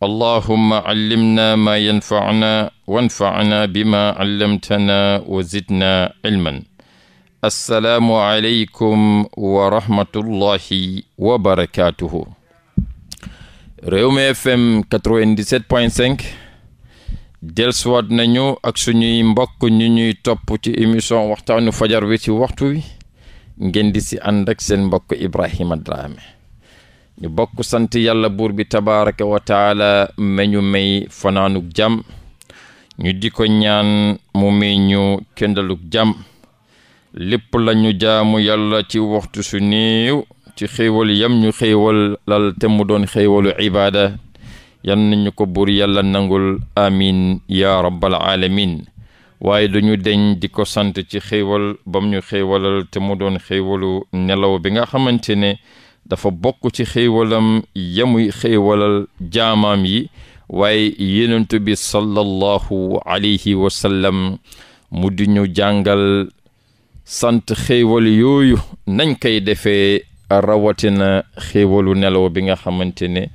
allahumma callimna maa yanfacna wanfacna bimaa callamtana wa zidna cilman assalaamu aleykum wa rahmatullahi wa barakaatuhu Rewmi FM 97.5 delsuwaat nañu ak suñuy mbokk ñu ñuy topp ci émission waxtaanu fajar wi ci waxtu wi ngeen di si ànd ak seen mbokk Ibrahima Dramé ñu bokk sant yàlla buur bi tabaraka wa meñu may fanaanug jàmm ñu di ko ñaan mu may ñu kendalug jàmm lépp la ñu jaamu yàlla ci waxtu su néew ci xéewal yam ñu xéewal lal te mu doon xéewalu ibaada yan nañu ko buur yàlla nangul amin ya rabbal alamin waaye duñu deñ di ko sant ci xéewal bam ñu xéewalal te mu doon xéewalu nelaw bi nga xamante ne dafa bokk ci xéewalam yamuy xéewalal jaamaam yi waaye yonent bi sallallahu alayhi wa mu di ñu jàngal sant xéewal yooyu nañ koy defee rawatina xéewalu nelaw bi nga xamante ne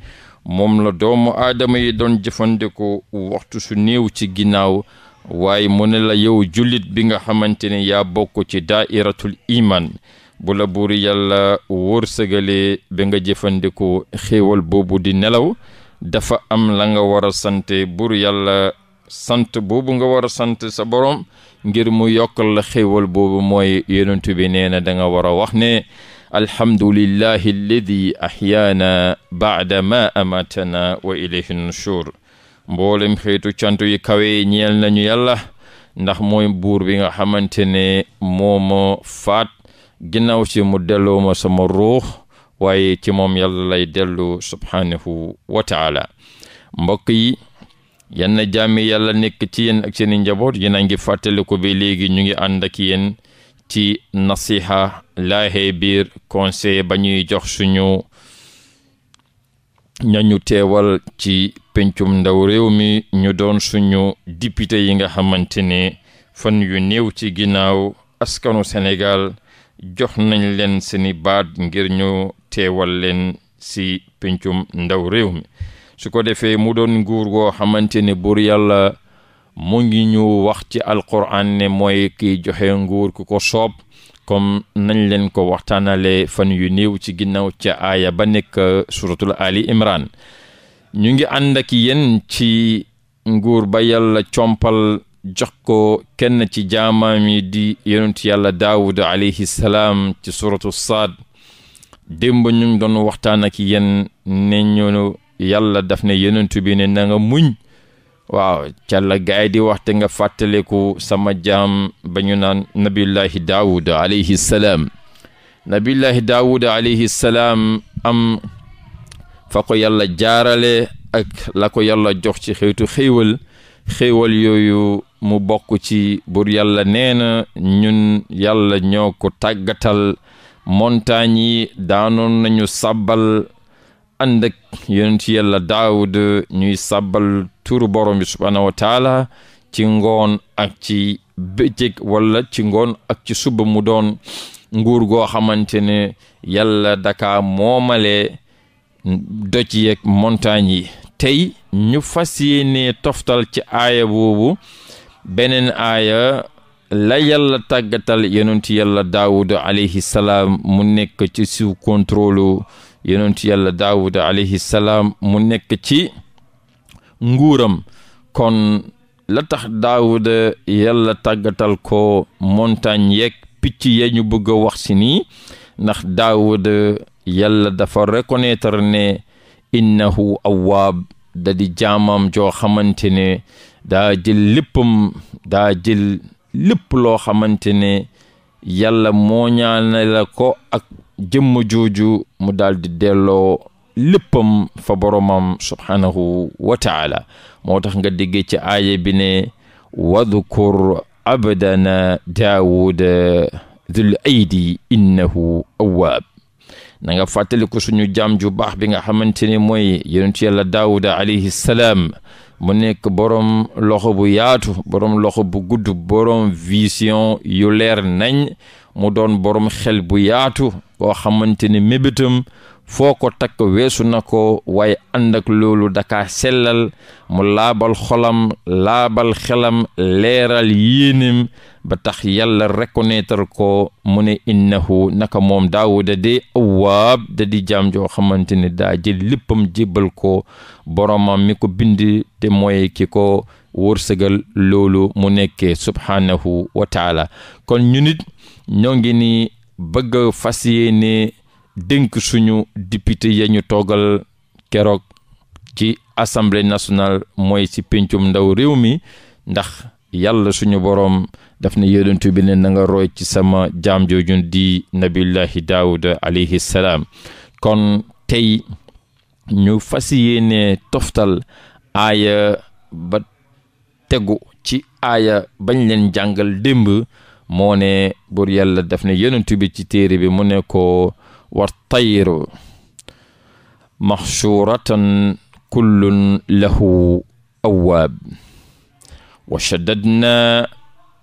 moom la doomu aadama yi doon jëfandikoo waxtu su néew ci ginnaaw waaye mu ne la yow jullit bi nga xamante ne yaa bokk ci daairatul iman bu la yalla yàlla wërsëgalee ba nga jëfandikoo xéewal boobu di nelaw dafa am la nga war a sante buur yàlla sant boobu nga war a sant sa borom ngir mu yokkal la xéewal boobu mooy yonent bi nee na da war a wax ne alhamdulillahi alladi ahyaana baada ma amatana wa ilayhi nushur mboolem xeetu cant yi kawe ñeel nañu yàlla ndax mooy buur nga xamante ne moo faat ginnaaw si mu delloo ma sama ruux waaye ci moom yàlla lay dellu subhaanahu wa taala mbokk yi yenn jaami yàlla nekk ci yéen ak seeni njaboot yéen a ngi fàttaliku bi léegi ñu ngi ànd ak ci nasiha laahee biir conseil ba ñuy jox suñu ñañu teewal ci pencum ndaw réew mi ñu doon suñu député yi nga xamante ne fan yu néew ci ginnaaw askanu Sénégal jox nañ leen seeni baat ngir ñu teewal leen si pencum ndaw réew mi su ko defee mu doon nguur goo xamante ne buur yàlla mu ngi ñu wax ci alquran ne mooy kiy joxe nguur ku ko soob comme nañ leen ko le fan yu néew ci ginnaaw ca aaya ba nekk suratul ali imran ñu ngi ànd ak yéen ci nguur ba compal jox ko kenn ci jaamaam yi di yonent yàlla daawud alayhi salaam ci suratu saad démb ñu ngi doon waxtaan ak yéen ne ñoonu yàlla daf ne yonent bi ne na muñ waaw ca la gaay di waxte nga fàttaleku sama jaam ba ñu naan nabiyullahi daawud alayhi salaam nabiyullahi salaam am fa ko yàlla jaarale ak la ko yàlla jox ci xeetu xéewal yooyu mu bokk ci bur yàlla nee na ñun yàlla ñoo ko tàggatal montagne yi daanoon nañu sàbbal ànd ak yonent yàlla daawud ñuy sàbbal turu borom bi subhaanahu ci ngoon ak ci bëccëg wala ci ngoon ak ci suba mu doon nguur goo xamante ne yàlla daka moomale doj yeeg montagne yi tey ñu fas toftal ci aaya boobu beneen aaya la yàlla tàggatal yonentu yàlla daawuda alayhi salaam mu nekk ci sous contrôle yonentu yàlla daawuda alayhi salaam mu nekk ci nguuram kon la tax daawuda yàlla tàggatal ko montagne yeeg picc ya ñu bëgg a wax si nii ndax daawuda yàlla dafa reconnaître ne innahu awaab da di jaamam joo xamante ne daa jël léppam daa jël lépp loo xamante ne yàlla moo ñaane la ko ak jëmm jooju mu daal delloo léppam fa boroomam subhaanahu wa moo tax nga déggee ci aaya bi ne wadkur abdana daawuda dul aydi innahu awwaab na nga fàttali ko suñu jaam ju baax bi nga xamante ne mooy yonentu yàlla daawuda alayhi mu nekk borom loxo bu yaatu borom loxo bu gudd borom vision yu leer nañ mu doon borom xel bu yaatu boo xamante ne mébétam foo ko takk weesu na ko waaye ànd loolu daka sellal mu laabal xolam laabal xelam leeral yéenim ba tax yàlla reconnaître ko mu ne innahu naka moom daawuda de awaab da di jaam joo xamante ne daa jël léppam jébbal ko boromam mi ko bind te mooy ki ko wërsëgal loolu mu nekke subhaanahu wa kon ñu nit ni bëgg fas yéene dénk suñu député yañu ñu toogal keroog ci assamble nationale mooy ci péncum ndaw réew mi ndax yàlla suñu boroom daf ne yonent bi ne roy ci sama jaam joojun di nabillahi daawuda alayhi salaam kon tey ñu fas yéene toftal aaya ba tegu ci aaya bañ leen jàngal démb moo ne buur yàlla daf ne yonent bi ci téere bi mu ne ko wa tayru maxshuratan kullun lahu awaab wa shaddadnaa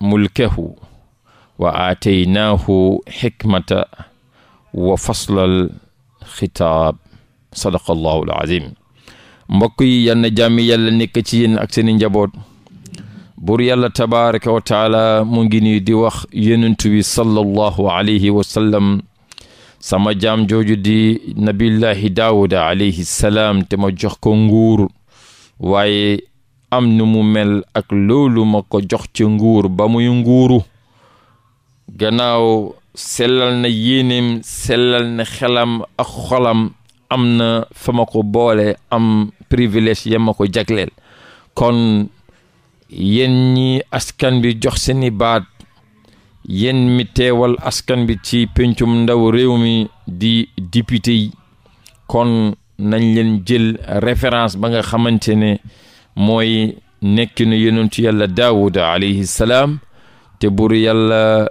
mulkahu wa wa faslal xitaab sadaqa allahu alazim mbokk yi yal na jàmmi yàlla nekk ci yéen ak seeni njaboot wa taala mu ngi di wax yonent bi sallallahu alayhi wa sama jaam jooju di nabillahi daawuda alayhi salaam te ma jox ko nguur waaye am nu mu mel ak loolu ma ko jox ci nguur ba muy nguuru gannaaw sellal na yéeneem sellal na xelam ak xolam am na fa ma ko boole am privilège ya ma ko jagleel kon yéen ñi askan bi jox seeni baat yéen mi teewal askan bi ci pencum ndaw réew mi di député kon nañ leen jël référence ba nga xamante ne mooy nekk na yonentu yàlla daawuda alayhi salaam te buur yàlla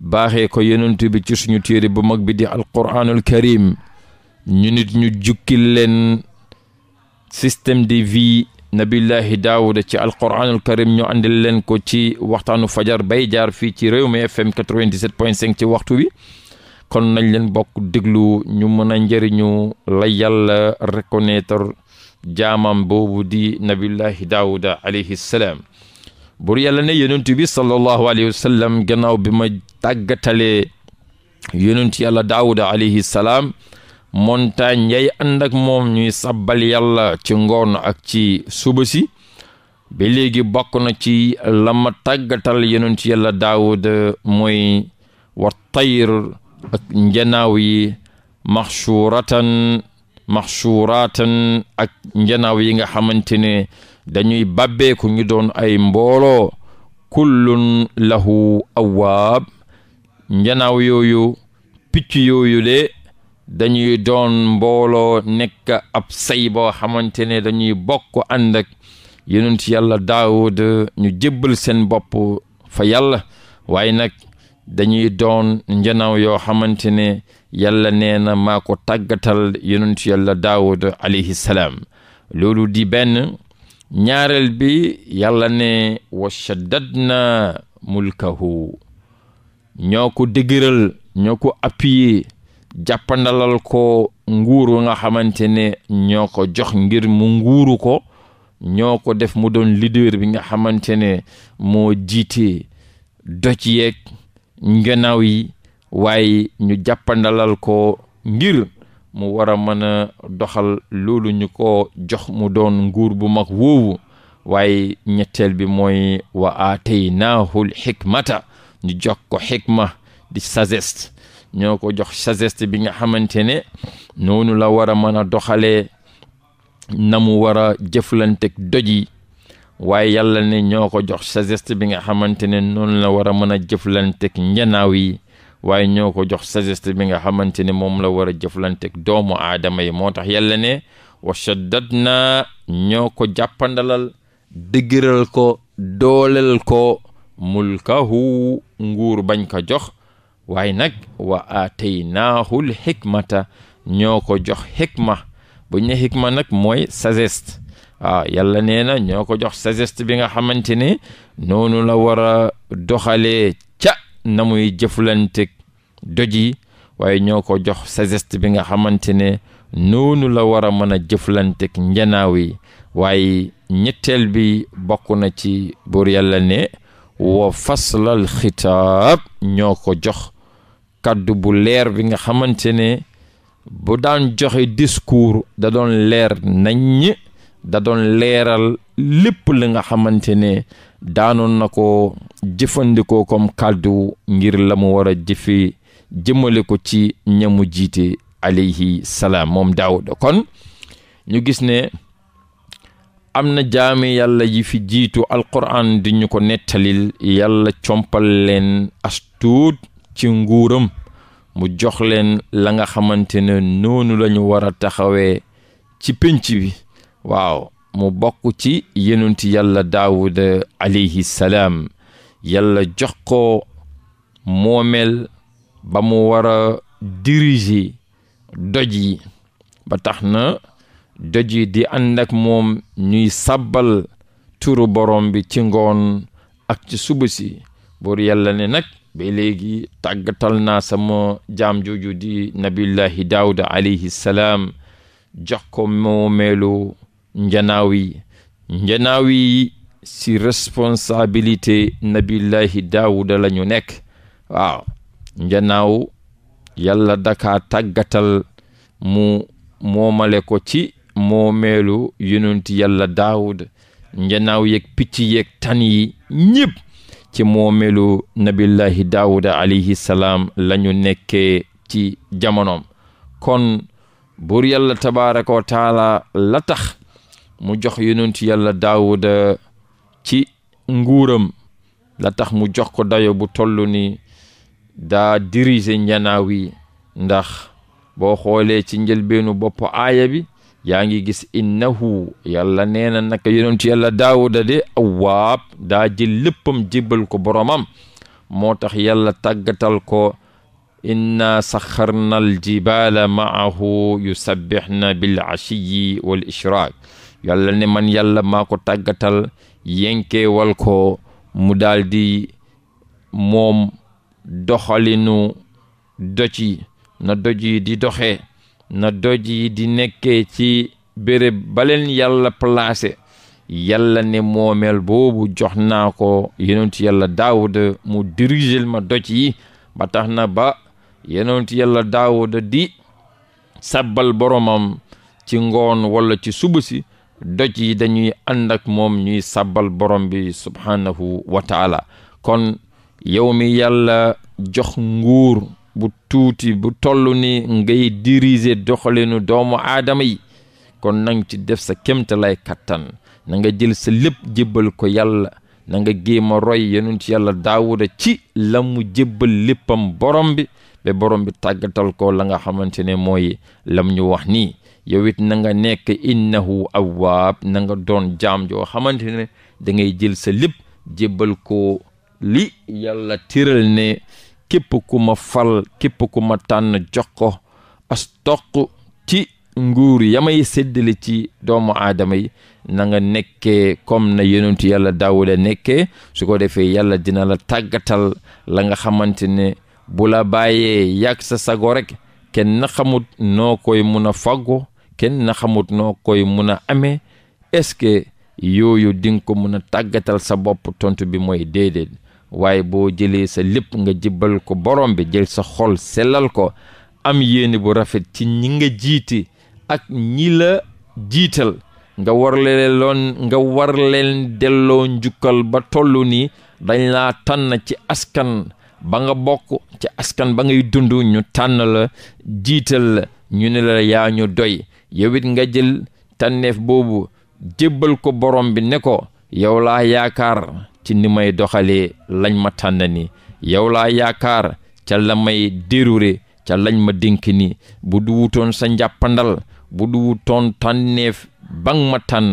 baaxee ko yonentu bi ci suñu téere bu mag bi di alquraanul karim ñu nit ñu jukkil leen système de vi nabillahi daawuda ci alquraanul karim ñu àndil leen ko ci waxtaanu fajar bay jaar fii ci réew mi fm 97.5 ci waxtu wi kon nañ leen bokk déglu ñu mën a njëriñu la yàlla reconnaître jaamam boobu di nabillahi daawuda alayhi salaam bur yàlla ne yonent bi sallallahu alayhi wa gannaaw bi ma tàggatalee yonent yàlla daawuda alayhi montagne yay ànd ak moom ñuy sabbal yàlla ci ngoon ak ci suba si ba léegi bokk na ci la ma yenoon ci yàlla daawud mooy wa tayr ak njanaaw yi maxsuuratan ak njanaaw yi nga xamante ne dañuy bàbbeeku ñu doon ay mbooloo kullun lahu awaab njanaaw yooyu picc yooyu de dañuy doon mbooloo nekk ab say boo xamante ne dañuy bokk ànd ak yonent yàlla daawud ñu jébbal seen bopp fa yàlla waaye nag dañuy doon njanaaw yoo xamante ne yàlla neena maa ko tàggatal yonent yàlla daawud alayhi salaam loolu di benn ñaareel bi yàlla ne wa shaddadna mulkahu ñoo ko dëgëral ñoo ko appuyer jàppandalal ko nguuru nga xamante ne ñoo ko jox ngir mu nguuru ko ñoo ko def mu doon leader bi nga xamante ne moo jiite doj yeeg ngenaaw yi waaye ñu jàppandalal ko ngir mu war a mën a doxal loolu ñu ko jox mu doon nguur bu mag woowu waaye ñettel bi mooy wa aataynaahul xikmata ñu jox ko xikma di sagesse ñoo ko jox sagesse bi nga xamante ne noonu la war a mën a doxalee na mu war a jëflanteeg doj waaye yàlla ne ñoo ko jox sagest bi nga xamante ne noonu la war a mën a jëflanteeg njanaaw yi waaye ñoo ko jox sagesse bi nga xamante ne moom la war a jëflanteeg doomu aadama yi moo tax yalla ne wa na ñoo ko jàppandalal dëgëral ko dooleel ko mulkahu nguur bañ ko jox waaye nag wa naaxul xikmata ñoo ko jox xikma buñ ne xikma nag mooy sagesse waaw yàlla nee na ñoo ko jox sagesse bi nga xamante ne noonu la war a doxalee ca namuy muy jëflante doj waaye ñoo ko jox sagesse bi nga xamante ne noonu la war a mën a jëflanteeg njanaaw yi waaye ñetteel bi bokk na ci buur yàlla ne wa faslal xitaab ñoo ko jox kàddu bu leer bi nga xamante ne bu daan joxe discours da doon leer naññ da doon leeral lépp la nga xamante ne daanoon na ko jëfandikoo kom kàddu ngir lamu mu war a jëfe jëmale ko ci ñamu jiite alayhi salaam moom daawuda kon ñu gis ne am na jaami yàlla yi jiitu alquran di ñu ko nettalil yàlla compal leen astuut ci nguuram mu jox leen la nga xamante noonu lañu ñu war a taxawee ci pénc bi waaw mu bokk ci yenunti yàlla daawuda alayhi salaam yàlla jox ko moomeel ba mu war a diriger doj yi ba tax na doj yi di ànd moom ñuy sabal turu borom bi ci ngoon ak ci suba si buur yàlla ne nag ba léegi tàggatal naa sama jaam jooju di nabillahi daawuda alayhi salaam jox ko moomeelu njanaaw yi njanaaw yi si responsabilité nabillahi daawuda la nekk waaw njanaaw yàlla daka tàggatal mu moomale ko ci moomeelu yonent yàlla daawuda njanaaw yeeg picc yeeg tan yi ñëpp ci moomelu nabillahi daawuda alayhi salaam lañu nekke ci jamonoom kon buur yàlla tabaaraka wa taala la tax mu jox yonent yàlla daawuda ci nguuram la tax mu jox ko dayo bu toll ni daa diriger njanaaw yi ndax boo xoolee ci njëlbeenu bopp aaya bi yaa ngi gis innahu yàlla nee na naka yonentu yàlla daawuda de awaab daa jël léppam jébbal ko boromam moo tax yàlla tàggatal ko inna saxarna aljibaala maahu yusabbixna bil ashiyi wal ishraak yàlla ne man yàlla maa ko tàggatal yenkeewal ko mu daldi moom doxalinu doci na doji di doxee na doj yi di nekkee ci béréb baleen yàlla placé yàlla ne moomeel boobu jox naa ko yonentu yàlla daawuda mu dirigel ma doj yi ba tax na ba yonentu yàlla daawuda di sabbal boromam ci ngoon walla ci suba si doj yi dañuy ànd moom ñuy sabbal borom bi subhaanahu wa taala kon yow mi yàlla jox nguur bu tuuti bu toll ni ngay diriger doxalinu doomu aadama yi kon nang ci def sa kemtalaay kattan na nga jël sa lépp jébbal ko yàlla na nga géem a roy yonent yàlla daawuda ci la mu jébbal léppam borom bi ba borom bi tàggatal ko la nga xamante ne mooy lam ñu wax ni yow it na nga nekk innahu awwaab na nanga doon jaam joo xamante ne da ngay jël sa lépp jébbal ko li yàlla tiral ne képp ku ma fal képp ku ma tànn jox ko as toq ci nguur yamay séddale ci doomu aadama yi na nga nekkee comme na yonentu yàlla daawuda nekke su ko defee yàlla dina la tàggatal la nga xamante ne bu la bàyyee yàgg sa sago rek kenn na xamut noo koy mun a faggo kenn na xamut noo koy mun a amee est-ce que yooyu dinga ko mun a tàggatal sa bopp tontu bi mooy déedéet waaye boo jëlee sa lépp nga jibbal ko borom bi jël sa xol selal ko am yéene bu rafet ci ñi nga jiite ak ñi la jiital nga war war leen delloo njukkal ba toll nii dañ laa tànn ci askan ba nga bokk ci askan ba ngay dund ñu tànn la jiital la ñu ne la yaa ñu doy yow it nga jël tànneef boobu jébbal ko borom bi ne ko yow laa yaakaar ci ni may doxalee lañ ma tànn ni yow laa yaakaar ca la may dérouré ca lañ ma dink ni bu du wutoon sa njàppandal bu du wutoon tànneef bang ma tànn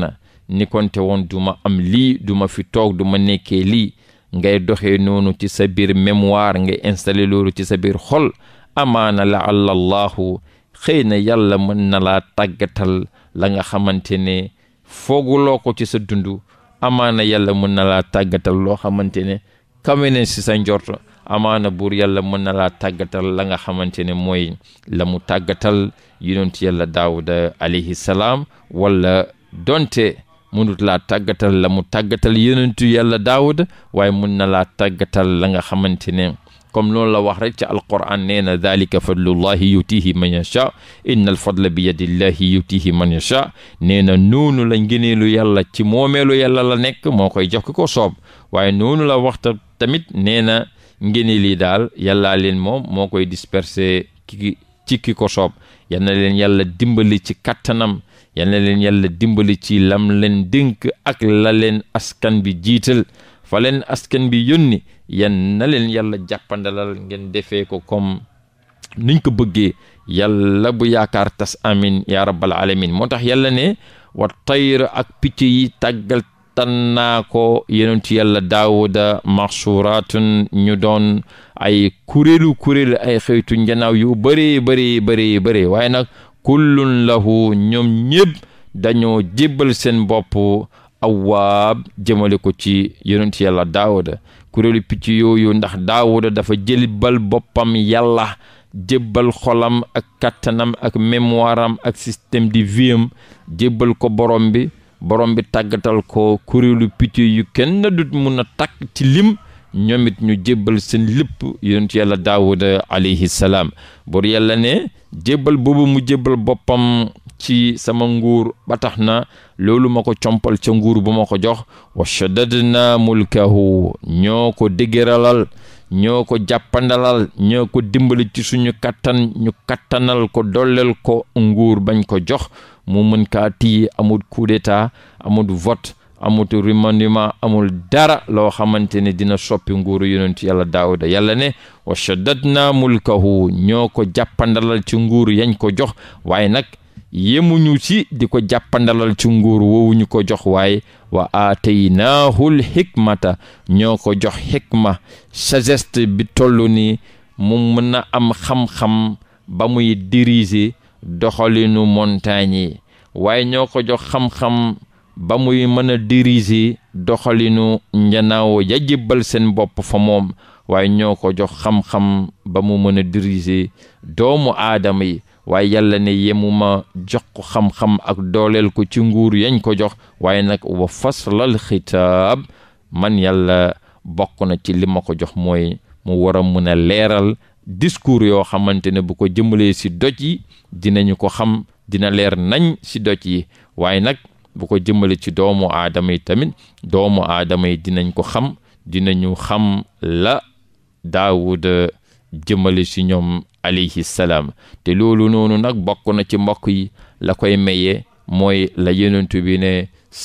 ni konte woon duma am lii duma fi toog duma ma lii ngay doxee noonu ci sa biir mémoire ngay installé loolu ci sa biir xol na la allallahu xëy na yàlla mën na laa tàggatal la nga xamante ne fooguloo ko ci sa dundu amaana yàlla mun na laa tàggatal loo xamante ne kawe na si sa njorto amaana buur yàlla mën na laa tàggatal la nga xamante ne mooy la mu tàggatal yonent yàlla daawuda alayhi salaam wala donte mënut laa tàggatal la mu tàggatal yonentu yàlla daawuda waaye mun na laa tàggatal la nga xamante ne comme loolu la wax rek ca alquran nee na dalika fadlullahi yutihi man yacha inna al fadla bi yadillahi yutihi man yacha nee na noonu la ngëneelu yàlla ci moomeelu yàlla la nekk moo koy jox ko soob waaye noonu la waxta tamit nee na ngëneel yi daal yàllaa leen moom moo koy disperser ki ci ki ko soob yal leen yàlla dimbali ci kattanam yal leen yàlla dimbali ci lam leen dénk ak la leen askan bi jiital fa leen askan bi yónni yan naleen leen yàlla jàppandalal ngeen defee ko comme niñ ko bëggee yàlla bu yaakaar tas amin ya rabbal alamin moo tax yàlla ne wa ak picc yi tàggal tannaa ko yenentu yàlla daawuda mahsuratun ñu doon ay kuréelu kuréelu ay xëytu njanaaw yu bëree bëree bëree bëree waaye nag kullun lahu ñoom ñëpp dañoo jébbal seen bopp awaab jëmale ko ci yonent yàlla daawuda kuréelu picc yooyu ndax daawuda dafa jëlbal boppam yàlla jëbbal xolam ak kattanam ak mémoire am ak système de vie am ko borombi bi borom bi tàggatal ko kuréelu picc yu kenn du mun a takk ci lim ñoom it ñu jébbal seen lépp yonent yàlla daawuda alayhi salaam bor ne jébbal boobu mu jébbal boppam ci sama nguur ba tax na loolu ma ko compal ci nguur bu ma ko jox wa shaddadna mulkahu ñoo ko dëgëralal ñoo ko jàppandalal ñoo ko dimbali ci suñu kattan ñu kattanal ko dolleel ko nguur bañ ko jox mu mën kaa tiyi amul coup d'état vot vote amul remaniement amul dara loo xamante ne dina soppi nguuru yonentu yàlla daawuda yàlla ne wa mul mulkahu ñoo ko jàppandalal ci nguur yañ ko jox waaye nag yemuñu ci di ko jàppandalal ci nguur woowu ko jox waaye wa aataynaahul hikmata ñoo ko jox hikma sagesse bi toll ni mu mën a am xam-xam ba muy diriger doxaliinu montagne yi waaye ñoo ko jox xam-xam ba muy mën a diriger doxaliinu njanaaw ya jébbal seen bopp fa moom waaye ñoo ko jox xam-xam ba mu mën a diriger doomu aadama yi waaye yàlla ne yemuma jox ko xam-xam ak dooleel ko ci nguur yañ ko jox waaye nag wa faslal xitaab man yàlla bokk na ci li ma ko jox mooy mu war a mun a leeral discours yoo xamante ne bu ko jëmalee si doj dinañu ko xam dina leer nañ si doj yi waaye nag bu ko jëmale ci doomu aadama yi tamit doomu aadama yi dinañ ko xam dinañu xam la daawuda jëmale si ñoom alayhi salaam te loolu noonu nag bokk na ci mbokk yi la koy maye mooy la yonentu bi ne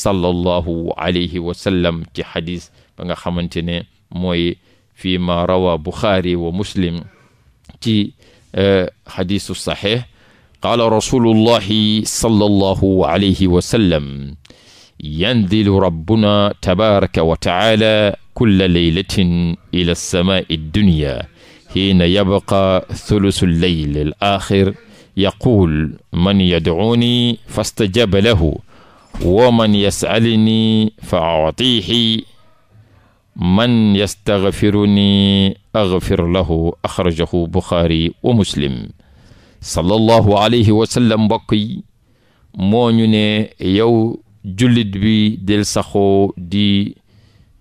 sallallahu alayhi wa sallam ci xadis ba nga xamante ne mooy fii ma rawa buxaari wa muslim ci e, xadisu saxiix qaala rasulullahi sallallahu alayhi wa sallam yanzilu rabbuna tabaraka wa taala kulla laylatin ila alsamai dunya xiina yabqa thulusu lleyl al axir yaquul man yadcuuni fastajaba lahu wa man yasalini fa aatihi man yastaxfiruni axfir lahu axrajahu buxaari wa muslim sallallahu alayhi wa sallam mbokk yi moo ñu ne yow jullit bi del saxoo di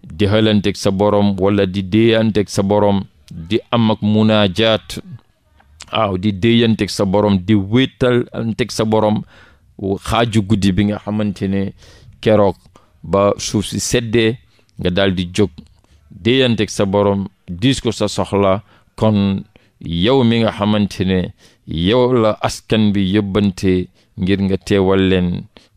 dexalanteeg sa borom wala di déeyanteeg sa borom di am ak munaajaat aw di déyanteeg sa borom di wéetalanteg sa borom xaaju guddi bi nga xamante ne keroog ba suuf si seddee nga daldi di jóg déyanteeg sa borom diis ko sa soxla kon yow mi nga xamante ne yow la askan bi yëbbante ngir nga teewal leen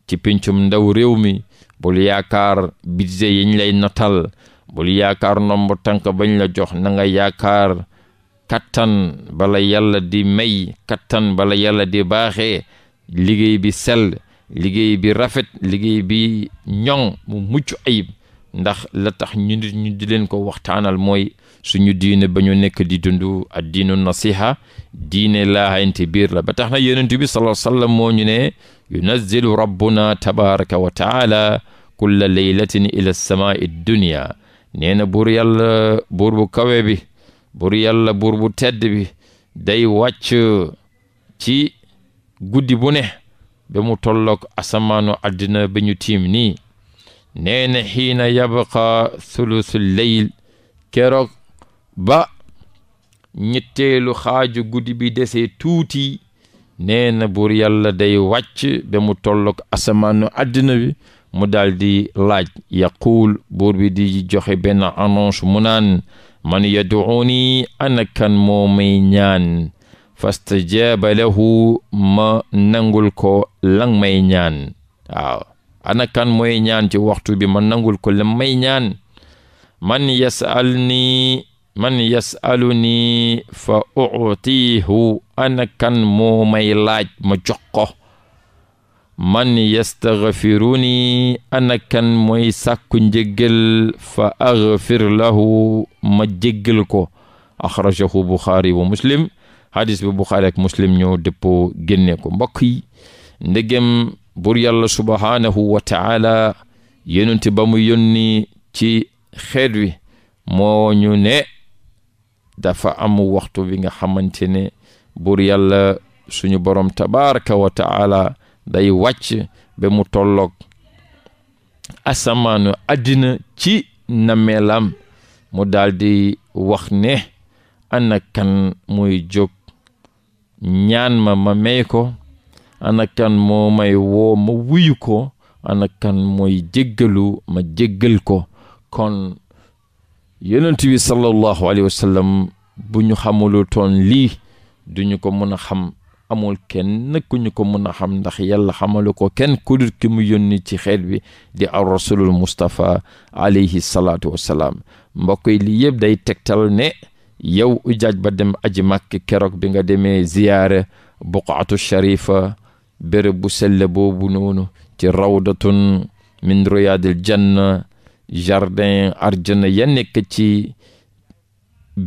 ci pincum ndaw réew mi bul yaakaar budget yi notal bul yaakaar ndomb tànk bañ la jox nanga yaakaar kattan bala yàlla di may kattan bala yàlla di baaxee liggéey bi sell liggéey bi rafet liggéey bi ñoŋ mu mucc ayib ndax la tax ñu nit ñu di leen ko waxtaanal mooy suñu diine ba ñu nekk di dund ak diinu nasiha diine laahante biir la ba tax na yonent bi sallallahu alayhi moo ñu ne yunazzilu rabbuna tabaraka wa taala kulla laylatin ila samaa'i dunya nee na buur yàlla buur bu kawe bi buur yàlla buur bu tedd bi day wàcc ci guddi bu ne ba mu tollook asamaanu àddina bi ñu tiim nii nee na xiina yabqa sulusu leyl keroog ba ñetteelu xaaju guddi bi dese tuuti nee na buur yàlla day wàcc ba mu tollook asamaanu àddina bi mu daldi laaj yaquul buur bi di joxe benn annonce mu naan man yaduuni ana kan moo may ñaan fastajaaba lahu ma nangul ko lang may ñaan waaw ana kan mooy ñaan ci waxtu bi ma nangul ko lang may ñaan man yasalu ni fa utiihu ana kan moo laaj ma jox ko man yastaghfiruni ana kan mooy sàkku njëggal fa aghfir lahu ma jéggal ko axrajahu buxaari wa muslim hadis bi buxaari ak muslim ñoo dëppoo génne ko mbokk yi ndegem bur yàlla subhaanahu wa taala yonent ba mu yónni ci xeet wi moo ñu ne dafa am waxtu wi nga xamante ne bur suñu borom tabaraka wa taala day wàcc ba mu tollook asamaanu àddina ci nameelam mu daldi wax ne ana kan muy jóg ñaan ma ma may ko ana kan moo may woo ma wuyu ko ana mooy jéggalu ma jéggal ko kon yonent bi sallallahu alayhi wa bu ñu xamulu toon lii duñu ko mën a xam amul kenn ku ko mën a xam ndax yàlla xamalu ko kenn ku dul ki mu yónni ci xeet bi di ar rasulul mustapha alayhi salaatu wassalaam mbokk yi lii yëpp day tegtal ne yow ujaaj ba dem aji màkk keroog bi nga demee ziyaare buqaatu sharifa bérëb bu sell boobu noonu ci rawdatun min riyaadil janna jardin arjana ya nekk ci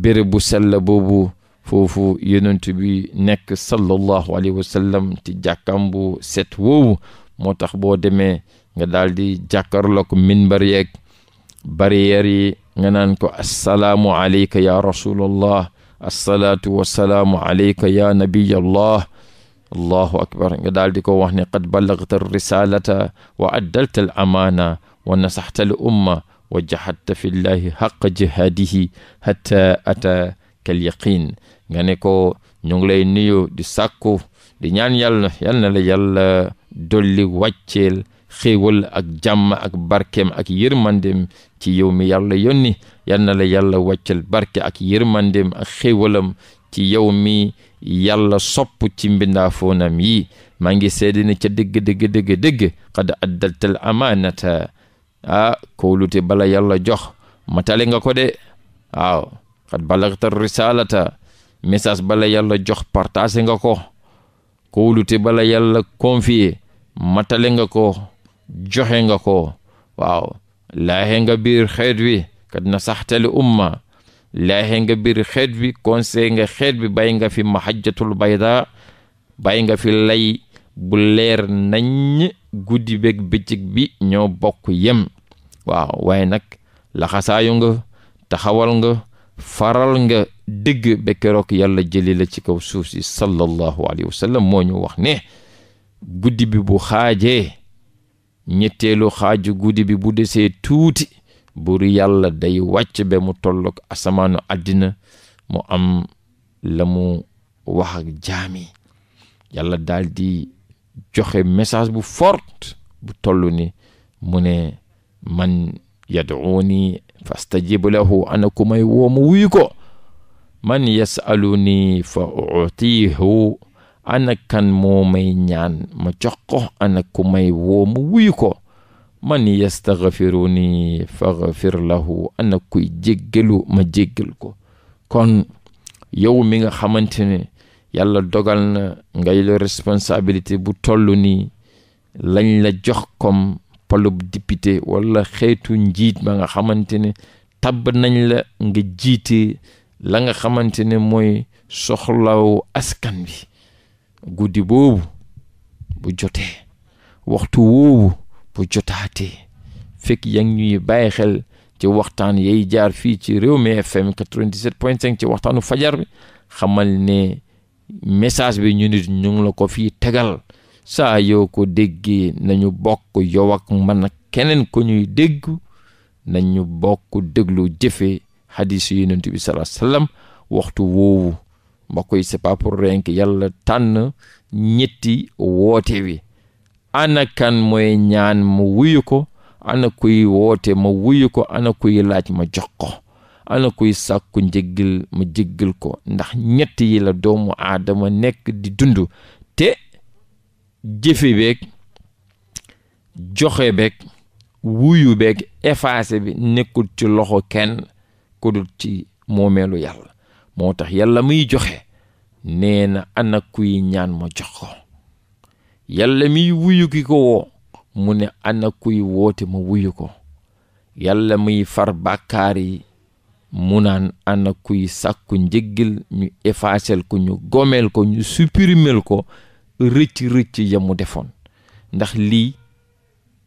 bérëb bu sell boobu foofu yonent bi nekk sallallahu alayhi wa sallam ci jàkkam bu set woowu moo tax boo demee nga daal di jàkkaarloo ko minbar yeeg barrière yi nga naan ko assalaamu aleyka ya rasulallah assalaatu wassalaamu aleyka ya nabiyallah allahu akbar nga daal di ko wax ne qad ballagta risalata wa addalta al amaana wa nasaxta al umma wa jahadta fi llahi xaqa jihaadihi hatta ata al yaqin nga ne ko ñu ngi lay nuyu di sàkku di ñaan yàlla yal na la yàlla dolli wàcceel xéewal ak jàmm ak barkem ak yërmandem ci yow mi yàlla yónni yal na yàlla wàcceel barke ak yërmandem ak xéewalam ci yow mi yàlla sopp ci mbindaafoonam yi maa ngi seede ne ca dëgg dëgg dëgg dëgg xad addaltal amaanata ah bala yàlla jox matale nga ko de waaw xat balagta risalata message bala yàlla jox partagé nga ko kóolute bala yàlla confier matale nga ko joxe nga ko waaw laaxe nga biir xeet wi kat na saxtali umma laaxe nga biir xeet wi conseil nga xeet bi bay nga fi mahajjatul bayda bàyyi nga fi lay bu leer naññ guddi beeg bëccëg bi ñoo bokk yem waaw waaye nag laxasaayu nga taxawal nga faral nga dëgg ba keroog yàlla jëli la ci kaw suuf si sallallahu alayhi wa moo ñu wax ne guddi bi bu xaajee ñetteelu xaaju guddi bi bu desee tuuti buur yàlla day wàcc ba mu tolloog asamaanu àddina mu am la mu wax ak jaami yàlla daal di joxe message bu fort bu toll ni mu ne man yad'uuni fastajibu lahu ana ku may woo ma wuyu ko man yasaluni fa utiihu ana kan moo may ñaan ma jox ko ana ku may woo ma wuyu ko man yastaghfiruni faghfir lahu ana kuy jéggalu ma jéggal ko kon yow mi nga xamante ne yàlla dogal na ngay la responsabilité bu toll nii lañ jox comme palub député wala xeetu njiit ba nga xamante ne tabb nañ la nga jiite la nga xamante ne mooy soxlaw askan bi guddi boobu bu jotee waxtu woowu bu jotaatee fekk yaa ngi ñuy bàyyi xel ci waxtaan yay jaar fii ci réew Rewmi FM 97.5 ci waxtaanu fajar bi xamal ne message bi ñu nit ñu la ko fii tegal saa yoo ko déggee nañu bokk yow ak keneen ko ñuy dégg nañu bokk déglu jëfe xadiis yu yonent bi waxtu woowu mbokk yi c'est yalla pour tànn ñetti woote wi ana kan mooy ñaan ma wuyu ko ana kuy woote ma wuyu ko ana kuy laaj ma jox ana kuy sàkku njëggal ma jéggal ko ndax ñett yi la doomu aadama nekk di dund te jëfe beeg joxe beeg wuyu beeg effacé bi nekkul ci loxo kenn ku dul ci moomeelu yàlla moo tax yàlla muy joxe nee na ana kuy ñaan ma jox ko yàlla miy wuyu ki ko woo mu ne ana kuy woote ma wuyu ko yàlla muy far bàkkaar yi mu naan ana kuy sàkku njëggil ñu effacel ko ñu gomeel ko ñu supprimel ko rëcc-rëcc ya mu defoon ndax lii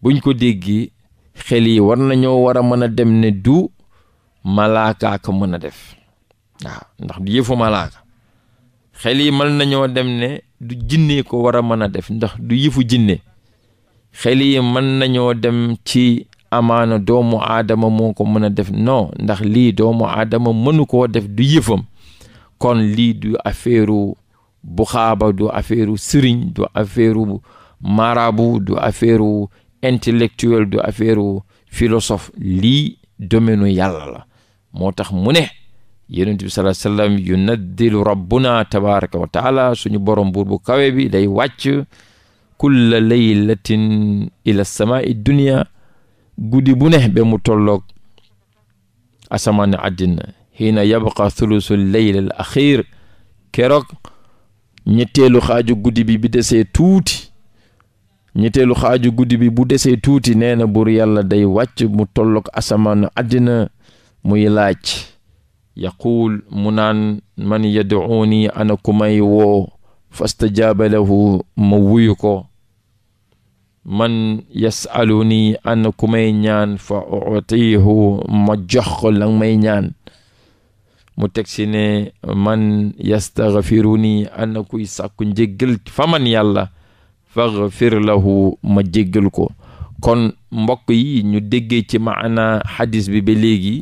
buñ ko déggee xel yi war nañoo war a mën a dem ne du malaaka ko mën a def ndax du yëfu malaaka xel yi mën nañoo dem ne du jinne ko war a mën a def ndax du yëfu jinne xel yi mën nañoo dem ci amaana doomu aadama moo ko mën a def non ndax lii doomu aadama mënu koo def du yëfam kon lii du affaire buxaaba du affaireu sëriñ du affaireu marabu du affaireu intellectuel du affaireu philosophe lii domaine yàlla la moo tax mu ne yonent bi sallallahu alayhi wasallam yunazzilu rabbuna tabaraka wa suñu borom buur bu kawe bi day wàcc kulla laylatin ila samaai dunia guddi bu ne ba mu tollook asamaan àddina xiina yabqa thulusu leyla al axir ñetteelu xaaju guddi ñetteelu xaaju guddi bi bu desee tuuti nee na buur yàlla day wàcc mu tollook asamaanu àddina muy laaj yaquul mu naan man yad'uuni ana ku may woo fastajaaba lahu ma wuyu ko man yasalu nii ana ku may ñaan fa utiihu ma jox ko la may ñaan mu teg si ne man yastaghfiruni ana kuy sàkku njéggal fa man yàlla faghfir ma jéggal ko kon mbokk yi ñu déggee ci maana xadis bi ba léegi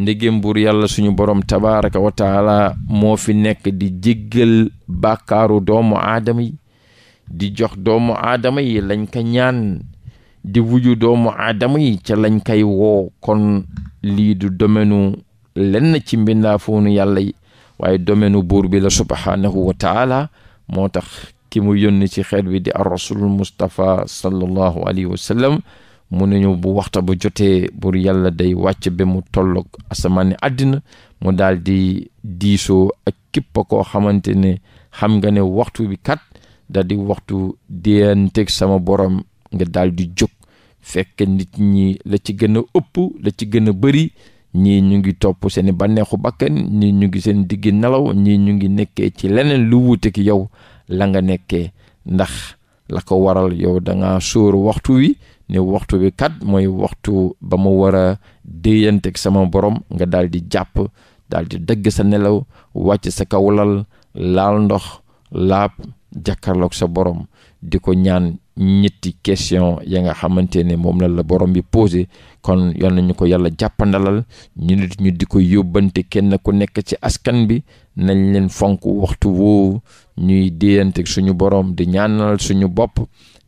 ndegem buur yàlla suñu borom tabaraka wa taala moo fi nekk di jéggal bakkaaru doomu aadama yi di jox doomu aadama yi lañ ko ñaan di wuju doomu aadama yi ca lañ koy woo kon lii du domenu lenn ci mbindaafoonu yàlla yi waaye domeenu buur bi la subhaanahu wa taala moo tax ki mu yónni ci xeet bi di ar rasulul mustapha sallallahu alayhi wa sallam mu nañu bu waxta bu jotee buur yàlla day wàcc ba mu tolloog asamaani àddina mu daal di diisoo ak képp koo xamante ne xam nga ne waxtu bi kat daal di waxtu déyanteeg sama borom nga daal di jóg fekk nit ñi la ci gën a ëpp la ci gën a bëri ñii ñu ngi topp seeni banneexu bakkan ñii ñu ngi seen digg nelaw ñii ñu ngi nekkee ci leneen lu wuute ki yow la nga nekkee ndax la ko waral yow danga nga sóor waxtu wi ne waxtu wi kat mooy waxtu ba mu war a déyanteeg sama borom nga dal di jàpp dal di dëgg sa nelaw wàcc sa kawlal laal ndox laab jàkkarloog sa borom di ko ñaan ñetti question ya nga xamante ne moom la la borom bi posé kon yal nañu ko yàlla jàppandalal ñu nit di ko yóbbante kenn ku nekk ci askan bi nañ leen fonk waxtu woowu ñuy déyante suñu borom di ñaanal suñu bopp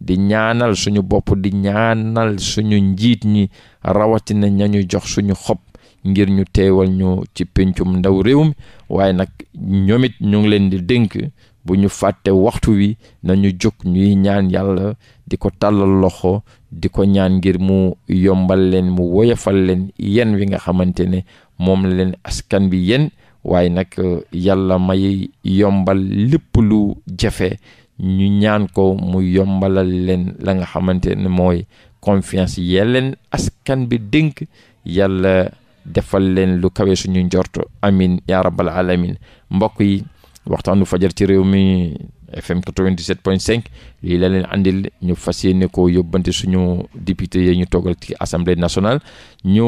di ñaanal suñu bopp di ñaanal suñu njiit ñi rawatina ñañu jox suñu xob ngir ñu teewal ñu ci pencum ndaw réew mi waaye nag ñoom it ñu ngi leen di dénk bu ñu fàtte waxtu wi nañu jóg ñuy ñaan yàlla di ko tàllal loxo di ko ñaan ngir mu yombal leen mu woyofal leen yen wi nga xamante ne moom leen askan bi yen waaye nag euh, yàlla may yombal lépp lu jafe ñu ñaan ko mu yombalal leen la nga xamante ne mooy confiance yeleen askan bi dénk yàlla defal leen lu kawe suñu njort amin ya rabbal alamin mbokk yi waxtaan waxtaanu fajar ci réew mi FM 97.5 lii la leen andil ñu fas yéene ko yóbbante suñu député yi ñu toogal ci assemblée nationale ñu.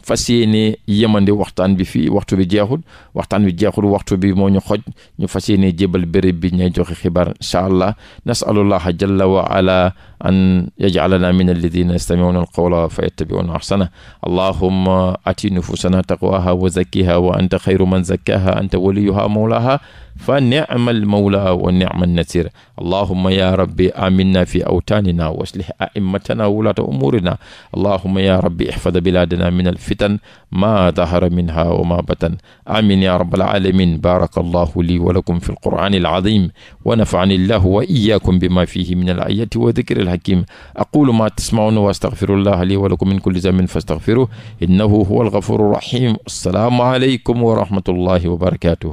fas yéene yemandi waxtaan bi fii waxtu bi jeexul waxtaan bi jeexul waxtu bi moo ñu xoj ñu fas yéene jébal béréb bi ñay joxe xibaar incha allah nasalullaha jalla wa ala an yajcalana min alladina yastamicuuna alqawla fa yattabicuuna ahsana allahumma ati nufusana taqwaha wa zakkiha wa anta xayru man zakkaha anta waliyuha mawlaha fa ni'mal mawla wa ni'man nasir allahumma ya rabbi aminna fi awtanina wa aslih a'immatana wulata umurina allahumma ya rabbi ihfad biladana min alfitan ma dahara minha wa ma batan amin ya rabbal alamin baraka allahu li wa lakum fi alqur'ani alazim wa nafa'ani allahu wa iyyakum bima fihi min alayati wa dhikri alhakim aqulu ma tasma'un wa astaghfirullaha li wa lakum min kulli dhanbin fastaghfiruhu innahu huwa alghafuru rahim assalamu alaykum wa rahmatullahi wa barakatuh